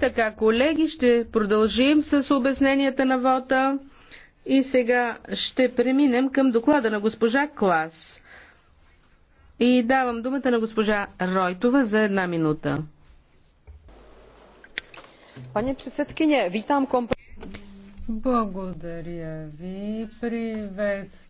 Така, колеги, ще продължим с обясненията на вота и сега ще преминем към доклада на госпожа Клас. И давам думата на госпожа Ройтова за една минута. Пане председкиня, витам компромис. Благодаря ви. Приветствам